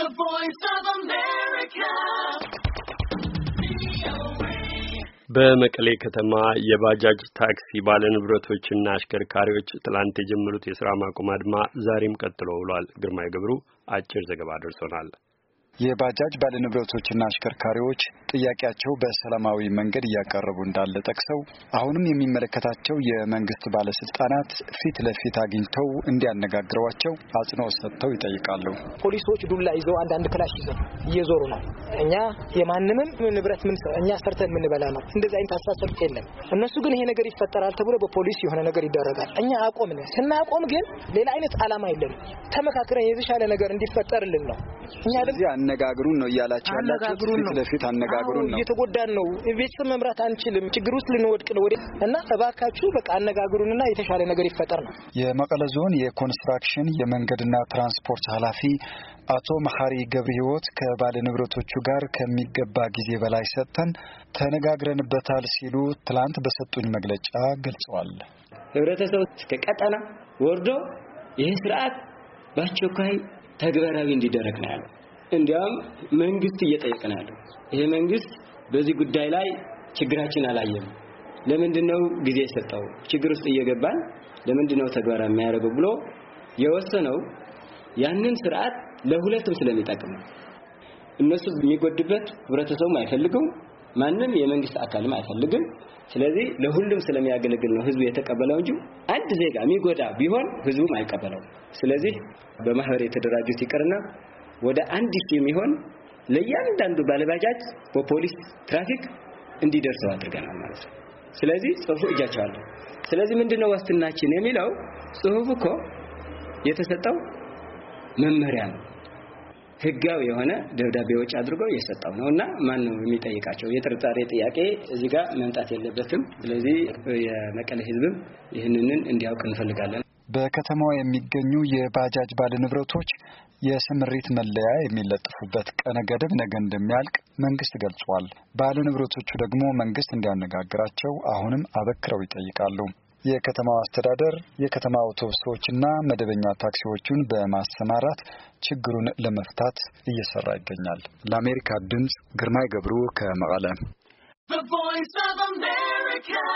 The Voice of America. በመቀሌ ከተማ የባጃጅ ታክሲ ባለንብረቶችና አሽከርካሪዎች ትላንት የጀመሩት የስራ ማቆም አድማ ዛሬም ቀጥሎ ውሏል። ግርማይ ገብሩ አጭር ዘገባ ደርሶናል። የባጃጅ ባለንብረቶችና አሽከርካሪዎች ጥያቄያቸው በሰላማዊ መንገድ እያቀረቡ እንዳለ ጠቅሰው አሁንም የሚመለከታቸው የመንግስት ባለስልጣናት ፊት ለፊት አግኝተው እንዲያነጋግሯቸው አጽንኦት ሰጥተው ይጠይቃሉ። ፖሊሶች ዱላ ይዘው አንዳንድ ክላሽ ይዘው እየዞሩ ነው። እኛ የማንምም ንብረት ምን እኛ ሰርተን የምንበላ ነው። እንደዚህ አይነት አስተሳሰብ የለም። እነሱ ግን ይሄ ነገር ይፈጠራል ተብሎ በፖሊስ የሆነ ነገር ይደረጋል። እኛ አቆምን። ስናቆም ግን ሌላ አይነት አላማ የለም። ተመካክረን የተሻለ ነገር እንዲፈጠርልን ነው እኛ አነጋግሩን ነው እያላቸው ያላችሁ ፊት ለፊት አነጋግሩን ነው። እየተጎዳን ነው። ቤተሰብ መምራት አንችልም። ችግር ውስጥ ልንወድቅ ነው ወዴ እና እባካችሁ በቃ አነጋግሩንና የተሻለ ነገር ይፈጠር ነው። የመቀለ ዞን የኮንስትራክሽን የመንገድና ትራንስፖርት ኃላፊ አቶ መሐሪ ገብረ ህይወት ከባለ ንብረቶቹ ጋር ከሚገባ ጊዜ በላይ ሰጥተን ተነጋግረንበታል ሲሉ ትላንት በሰጡኝ መግለጫ ገልጸዋል። ህብረተሰቡ እስከ ቀጠና ወርዶ ይህ ስርዓት በአስቸኳይ ተግበራዊ እንዲደረግ ነው ያለው። እንዲያውም መንግስት እየጠየቀ ነው ያለው። ይሄ መንግስት በዚህ ጉዳይ ላይ ችግራችን አላየም፣ ለምንድን ነው ጊዜ የሰጠው? ችግር ውስጥ እየገባን ለምንድን ነው ተግባር የሚያደርገው ብሎ የወሰነው ያንን ስርዓት ለሁለትም ስለሚጠቅም እነሱ የሚጎድበት ህብረተሰቡም አይፈልግም፣ ማንም የመንግስት አካልም አይፈልግም። ስለዚህ ለሁሉም ስለሚያገለግል ነው ህዝቡ የተቀበለው እንጂ አንድ ዜጋ የሚጎዳ ቢሆን ህዝቡም አይቀበለውም። ስለዚህ በማህበር የተደራጁት ይቅርና ወደ አንድ ሺህ የሚሆን ለእያንዳንዱ ባለባጃጅ በፖሊስ ትራፊክ እንዲደርሰው አድርገናል ማለት ነው። ስለዚህ ጽሁፉ እጃቸው አለ። ስለዚህ ምንድነው ዋስትናችን የሚለው ጽሁፉ እኮ የተሰጠው መመሪያ ነው። ህጋዊ የሆነ ደብዳቤ ወጪ አድርጎ የሰጠው ነውና ማን ነው የሚጠይቃቸው? የጥርጣሬ ጥያቄ እዚህ ጋር መምጣት የለበትም። ስለዚህ የመቀሌ ህዝብም ይህንን እንዲያውቅ እንፈልጋለን። በከተማዋ የሚገኙ የባጃጅ ባለንብረቶች የስምሪት መለያ የሚለጥፉበት ቀነ ገደብ ነገ እንደሚያልቅ መንግስት ገልጿል። ባለንብረቶቹ ደግሞ መንግስት እንዲያነጋግራቸው አሁንም አበክረው ይጠይቃሉ። የከተማው አስተዳደር የከተማ አውቶቡሶችና መደበኛ ታክሲዎቹን በማሰማራት ችግሩን ለመፍታት እየሰራ ይገኛል። ለአሜሪካ ድምፅ ግርማይ ገብሩ ከመቀለ። The voice of America.